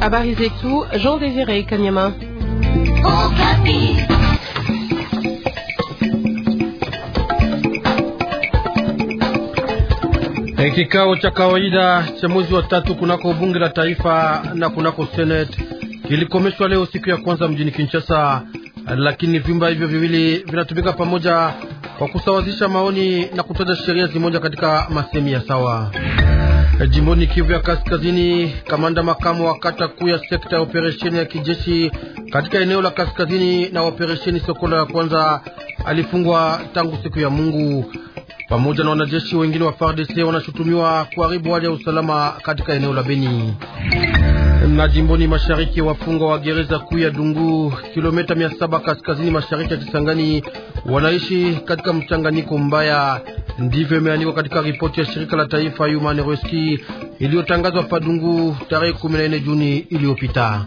Habari zetu Jean Désiré Kanyama. Kikao cha kawaida cha mwezi wa tatu kunako bunge la taifa na kunako senate kilikomeshwa leo siku ya kwanza mjini Kinshasa, lakini vyumba hivyo viwili vinatumika pamoja kwa kusawazisha maoni na kutaja sheria zimoja katika masemi ya sawa. Jimboni Kivu ya Kaskazini, kamanda makamu wa kata kuu ya sekta ya operesheni ya kijeshi katika eneo la kaskazini na operesheni Sokola ya kwanza alifungwa tangu siku ya Mungu. Pamoja na wanajeshi wengine wa FARDC wanashutumiwa kuharibu hali ya usalama katika eneo la Beni. Na jimboni mashariki, wafungwa wa gereza kuu ya Dungu, kilomita mia saba kaskazini mashariki ya Kisangani, wanaishi katika mchanganyiko mbaya. Ndivyo imeandikwa katika ripoti ya shirika la taifa Human Rights iliyotangazwa pa Dungu tarehe 14 Juni iliyopita.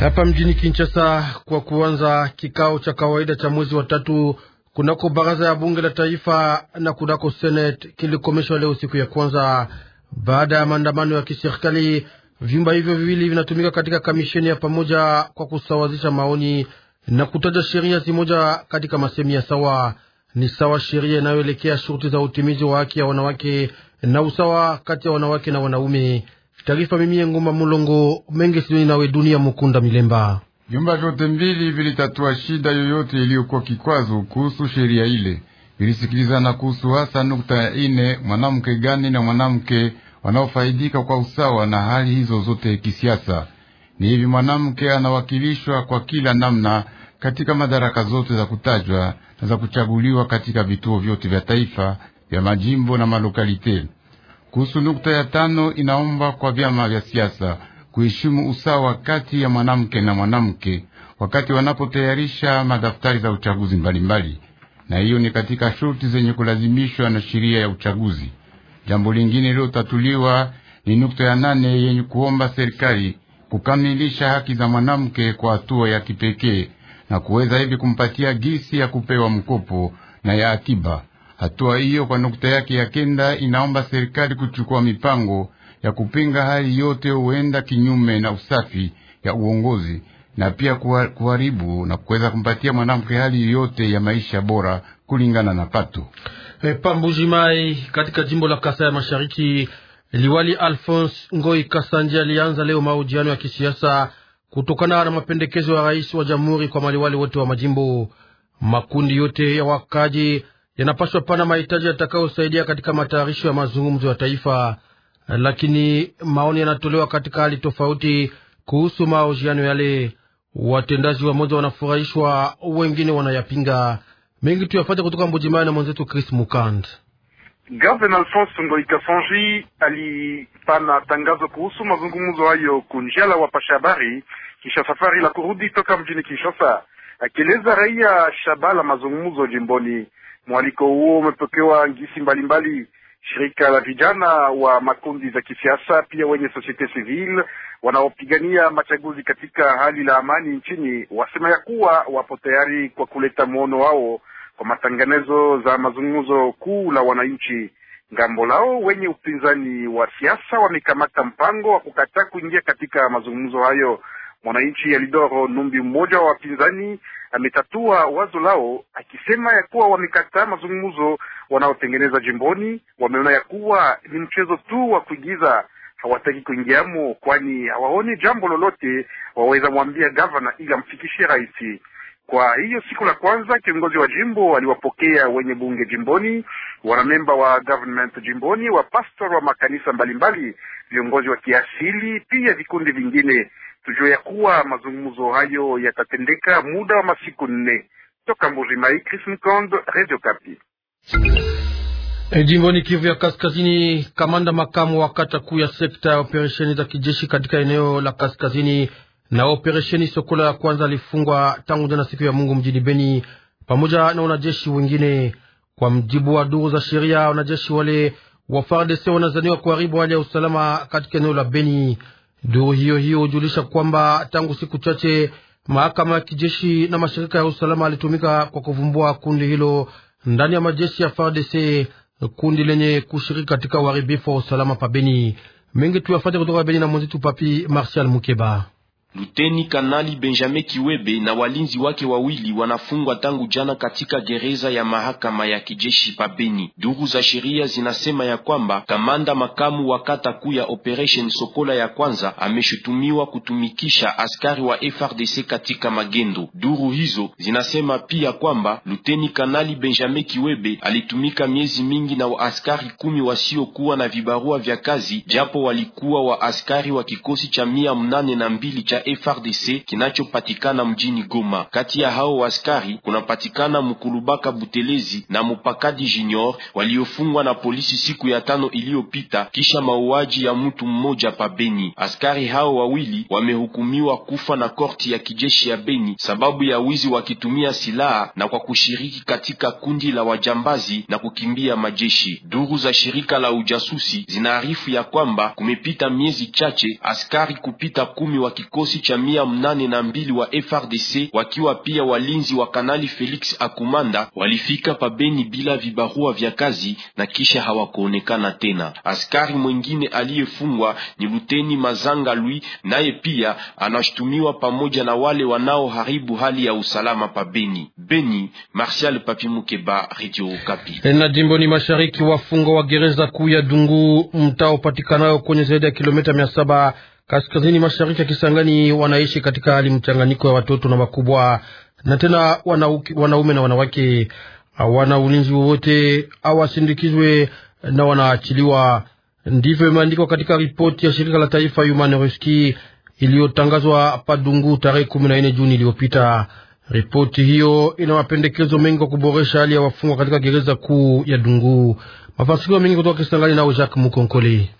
Hapa mjini Kinshasa, kwa kuanza kikao cha kawaida cha mwezi wa tatu kunako baraza ya bunge la taifa na kunako seneti kilikomeshwa leo siku ya kwanza. Baada ya maandamano ya kiserikali, vyumba hivyo viwili vinatumika katika kamisheni ya pamoja kwa kusawazisha maoni na kutaja sheria zimoja katika masemi ya sawa. Ni sawa sheria inayoelekea shuruti za utimizi wa haki ya wanawake na usawa kati ya wanawake na wanaume. Taarifa mimi Ngoma Mulongo Mengi Sidoni nawe Dunia Mukunda Milemba. Vyumba vyote mbili vilitatua shida yoyote iliyokuwa kikwazo kuhusu sheria ile vilisikilizana kuhusu hasa nukta ya ine, mwanamke gani na mwanamke wanaofaidika kwa usawa na hali hizo zote kisiasa. Ni hivi mwanamke anawakilishwa kwa kila namna katika madaraka zote za kutajwa na za kuchaguliwa katika vituo vyote vya taifa vya majimbo na malokalite. Kuhusu nukta ya tano, inaomba kwa vyama vya siasa kuheshimu usawa kati ya mwanamke na mwanamke wakati wanapotayarisha madaftari za uchaguzi mbalimbali mbali na hiyo ni katika shurti zenye kulazimishwa na sheria ya uchaguzi. Jambo lingine lilotatuliwa ni nukta ya nane yenye kuomba serikali kukamilisha haki za mwanamke kwa hatua ya kipekee na kuweza hivi kumpatia gisi ya kupewa mkopo na ya akiba. Hatua hiyo kwa nukta yake ya kenda inaomba serikali kuchukua mipango ya kupinga hali yote huenda kinyume na usafi ya uongozi na pia kuharibu na kuweza kumpatia mwanamke hali yote ya maisha bora kulingana na pato. Hey, eh, Mai katika jimbo la kasa ya Mashariki, liwali Alphonse Ngoi Kasanje alianza leo mahojiano ya kisiasa kutokana na mapendekezo ya rais wa jamhuri kwa maliwali wote wa majimbo. Makundi yote ya wakaji yanapaswa pana mahitaji yatakayosaidia katika matayarisho ya mazungumzo ya taifa, lakini maoni yanatolewa katika hali tofauti kuhusu mahojiano yale. Watendaji wamoja wanafurahishwa, wengine wanayapinga. Mengi tuyafate kutoka Mbujimai na mwenzetu Chris Mukand. Gavana Alfonso Ngoikasanji alipana tangazo kuhusu mazungumzo hayo kunjala wapasha habari kisha safari la kurudi toka mjini Kinshasa, akieleza raia shaba la mazungumzo jimboni. Mwaliko huo umepokewa ngisi mbalimbali mbali shirika la vijana wa makundi za kisiasa pia wenye societe civile wanaopigania machaguzi katika hali la amani nchini wasema ya kuwa wapo tayari kwa kuleta mwono wao kwa matanganezo za mazungumzo kuu la wananchi. Ngambo lao wenye upinzani wa siasa wamekamata mpango wa kukataa kuingia katika mazungumzo hayo. Mwananchi Alidoro Numbi, mmoja wa wapinzani, ametatua wazo lao akisema ya kuwa wamekataa mazungumzo wanaotengeneza jimboni. Wameona ya kuwa ni mchezo tu wa kuigiza, hawataki kuingiamo, kwani hawaoni jambo lolote waweza mwambia gavana ili amfikishie rais. Kwa hiyo siku la kwanza kiongozi wa jimbo aliwapokea wenye bunge jimboni, wanamemba wa government jimboni, wapastor wa makanisa mbalimbali, viongozi wa kiasili, pia vikundi vingine. Tujue ya kuwa mazungumzo hayo yatatendeka muda wa masiku nne. Toka Mbujimayi, Chris Mkondo, Radio Kapi. E, jimboni Kivu ya Kaskazini, kamanda makamu wa kata kuu ya sekta ya operesheni za kijeshi katika eneo la kaskazini na operesheni Sokola ya kwanza alifungwa tangu jana siku ya Mungu mjini Beni pamoja na wanajeshi wengine. Kwa mjibu wa duru za sheria, wanajeshi wale wa FARDC wanazaniwa kuharibu hali ya usalama katika eneo la Beni. Duru hiyo hiyo hujulisha kwamba tangu siku chache mahakama ya kijeshi na mashirika ya usalama alitumika kwa kuvumbua kundi hilo ndani ya majeshi ya FARDC, kundi lenye kushiriki katika uharibifu wa usalama pabeni. Mengi tuyafate kutoka Beni na mwenzetu Papi Martial Mukeba. Luteni Kanali Benjamin Kiwebe na walinzi wake wawili wanafungwa tangu jana katika gereza ya mahakama ya kijeshi Pabeni. Duru za sheria zinasema ya kwamba kamanda makamu wa kata kuu ya Operation Sokola ya kwanza ameshutumiwa kutumikisha askari wa FRDC katika magendo. Duru hizo zinasema pia kwamba Luteni Kanali Benjamin Kiwebe alitumika miezi mingi na waaskari kumi wasiokuwa na vibarua vya kazi, japo walikuwa waaskari wa kikosi cha mia mnane na mbili cha cha FRDC kinachopatikana mjini Goma. Kati ya hao askari kunapatikana Mkulubaka Butelezi na Mupakadi Junior waliofungwa na polisi siku ya tano iliyopita kisha mauaji ya mtu mmoja pa Beni. Askari hao wawili wamehukumiwa kufa na korti ya kijeshi ya Beni sababu ya wizi wakitumia silaha na kwa kushiriki katika kundi la wajambazi na kukimbia majeshi. Duru za shirika la ujasusi zinaarifu ya kwamba kumepita miezi chache askari kupita kumi wa kikosi kikosi cha mia mnane na mbili wa FRDC wakiwa pia walinzi wa Kanali Felix Akumanda walifika pabeni bila vibarua vya kazi na kisha hawakuonekana tena. Askari mwengine aliyefungwa ni Luteni Mazanga Lui, naye pia anashutumiwa pamoja na wale wanaoharibu hali ya usalama pabeni. Beni, Marshal Papimukeba, Radio Okapi. E, na ni mashariki, wafungwa wa gereza kuu ya Dungu mtao patikanayo kwenye zaidi ya kilomita mia saba kaskazini mashariki ya Kisangani wanaishi katika hali mchanganyiko ya watoto na wakubwa na tena wanaume wana na wanawake, hawana ulinzi wowote, hawasindikizwe na wanaachiliwa. Ndivyo imeandikwa katika ripoti ya shirika la taifa Human Rights iliyotangazwa Padungu tarehe 14 Juni iliyopita. Ripoti hiyo ina mapendekezo mengi kwa kuboresha hali ya wafungwa katika gereza kuu ya Dungu. Mafasiliwa mengi kutoka Kisangani nao Jacques Mukonkoli.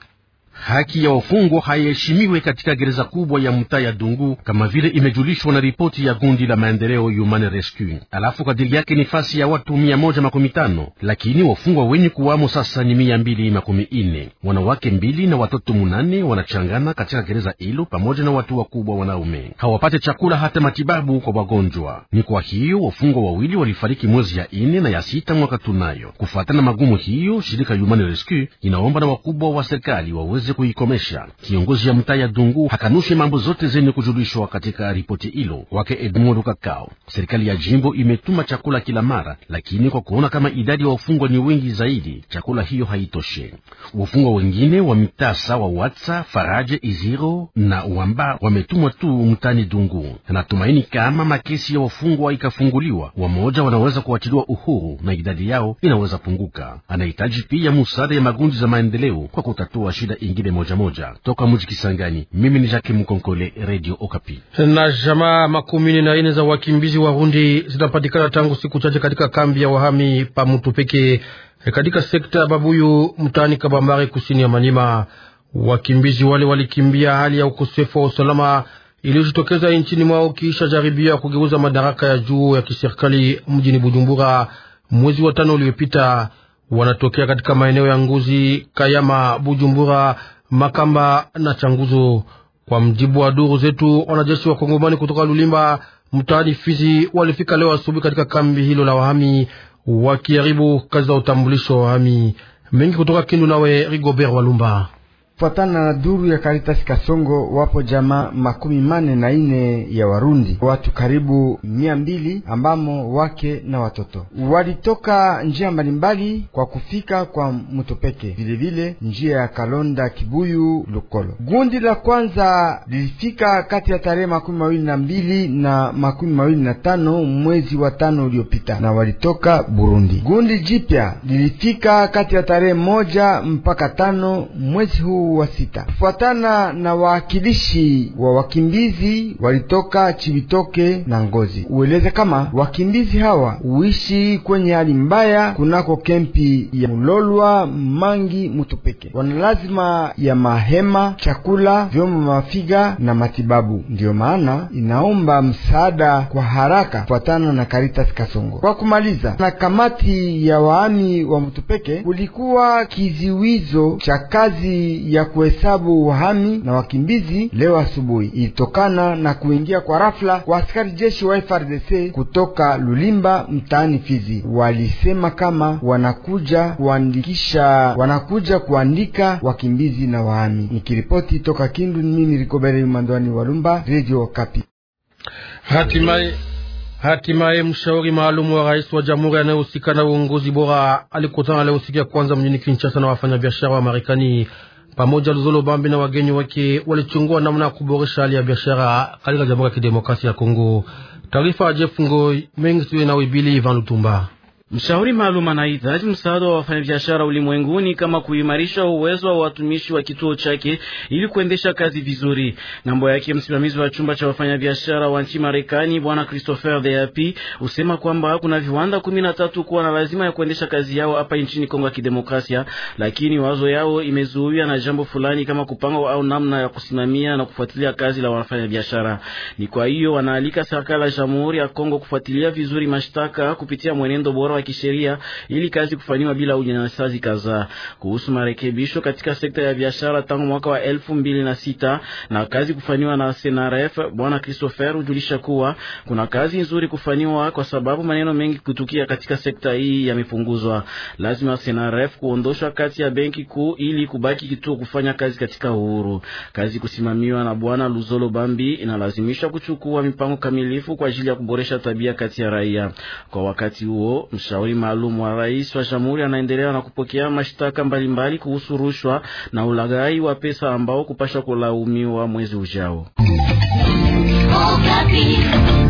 Haki ya wafungwa haiheshimiwe katika gereza kubwa ya mtaa ya Dungu kama vile imejulishwa na ripoti ya gundi la maendeleo Human Rescue. Alafu kadiri yake ni fasi ya watu mia moja makumi tano lakini wafungwa wenye kuwamo sasa ni mia mbili makumi ine. Wanawake mbili na watoto munane wanachangana katika gereza hilo pamoja na watu wakubwa wanaume, hawapate chakula hata matibabu kwa wagonjwa. Ni kwa hiyo wafungwa wawili walifariki mwezi ya ine na ya sita mwaka tunayo. Kufuatana magumu hiyo, shirika Human Rescue inaomba na wakubwa wa serikali waweze iweze kuikomesha. Kiongozi ya mtaa ya Dungu hakanushe mambo zote zenye kujulishwa katika ripoti hilo wake Edmond Kakao. Serikali ya jimbo imetuma chakula kila mara, lakini kwa kuona kama idadi ya wafungwa ni wengi zaidi, chakula hiyo haitoshe. Wafungwa wengine wa mitaa sawa Watsa, Faraje, Iziro na Uamba wametumwa tu mtani Dungu. Natumaini kama makesi ya wafungwa ikafunguliwa, wamoja wanaweza kuachiliwa uhuru na idadi yao inaweza punguka. Anahitaji pia musaada ya magundi za maendeleo kwa kutatua shida ingi mengine moja moja toka mji Kisangani. Mimi ni Jacques Mkonkole, Radio Okapi. Na jamaa makumi na ine za wakimbizi Warundi zinapatikana tangu siku chache katika kambi ya wahami pa peke katika sekta ya Babuyu mtaani Kabambare kusini ya Manyema. Wakimbizi wale walikimbia hali ya ukosefu wa usalama iliyojitokeza nchini mwao kiisha jaribio ya kugeuza madaraka ya juu ya kiserikali mjini Bujumbura mwezi wa tano uliopita wanatokea katika maeneo ya Nguzi, Kayama, Bujumbura, Makamba na Changuzo. Kwa mjibu wa duru zetu, wanajeshi wa Kongomani kutoka Lulimba mtaani Fizi walifika leo asubuhi katika kambi hilo la wahami wakiharibu kazi za utambulisho wa wahami mengi kutoka Kindu. Nawe Rigobert Walumba. Kufuatana na duru ya Caritas Kasongo, wapo jamaa makumi mane na ine ya Warundi, watu karibu mia mbili ambamo wake na watoto walitoka njia mbalimbali kwa kufika kwa Mutopeke, vilevile njia ya Kalonda Kibuyu Lukolo. Gundi la kwanza lilifika kati ya tarehe makumi mawili na mbili na makumi mawili na tano mwezi wa tano uliopita, na walitoka Burundi. Gundi jipya lilifika kati ya tarehe moja mpaka tano mwezi huu wa sita, kufuatana na waakilishi wa wakimbizi walitoka Chibitoke na Ngozi. Ueleze kama wakimbizi hawa uishi kwenye hali mbaya kunako kempi ya Mulolwa Mangi Mutupeke, wana lazima ya mahema, chakula, vyombo, mafiga na matibabu. Ndiyo maana inaomba msaada kwa haraka kufuatana na Caritas Kasongo. Kwa kumaliza, na kamati ya waami wa Mutupeke kulikuwa kiziwizo cha kazi ya ya kuhesabu wahami na wakimbizi leo asubuhi ilitokana na kuingia kwa rafla kwa askari jeshi wa FRDC kutoka Lulimba mtaani Fizi. Walisema kama wanakuja kuandikisha, wanakuja kuandika wakimbizi na wahami. Nikiripoti toka Kindu, mimi Rikobere Mandwani Lumba, Radio Kapi. Hatimaye hatimaye mshauri maalumu wa rais wa jamhuri anayehusika na uongozi bora alikutana leo siku ya kwanza mjini Kinshasa na wafanyabiashara wa Marekani pamoja Bambi na wageni wake walichungua namna ya kuboresha hali ya biashara katika Jamhuri ya Kidemokrasia ya Kongo. Taarifa ya Jeff Ngoi mengi siwe na Wibili Ivan Lutumba. Mshauri maalum anahitaji msaada wa wafanyabiashara ulimwenguni kama kuimarisha uwezo wa watumishi wa kituo chake ili kuendesha kazi vizuri. Ngambo yake msimamizi wa chumba cha wafanyabiashara wa nchi Marekani Bwana Christopher Deapi husema kwamba kuna viwanda kumi na tatu kuwa na lazima ya kuendesha kazi yao hapa nchini Kongo ya Kidemokrasia, lakini wazo yao imezuiwa na jambo fulani kama kupanga au namna ya kusimamia na kufuatilia kazi la wafanyabiashara. Ni kwa hiyo wanaalika serikali ya Jamhuri ya Kongo kufuatilia vizuri mashtaka kupitia mwenendo bora wa kisheria ili kazi kufanywa bila unyanyasaji kadhaa. Kuhusu marekebisho katika sekta ya biashara tangu mwaka wa elfu mbili na sita na kazi kufanywa na SNRF, bwana Christopher hujulisha kuwa kuna kazi nzuri kufanywa kwa sababu maneno mengi kutukia katika sekta hii yamepunguzwa. Lazima SNRF kuondoshwa kati ya benki kuu ili kubaki kituo kufanya kazi katika uhuru. Kazi kusimamiwa na bwana Luzolo Bambi inalazimisha kuchukua mipango kamilifu kwa ajili ya kuboresha tabia kati ya raia kwa wakati huo. Mshauri maalum wa rais wa jamhuri anaendelea na kupokea mashtaka mbalimbali kuhusu rushwa na ulaghai wa pesa ambao kupasha kulaumiwa mwezi ujao. Oh,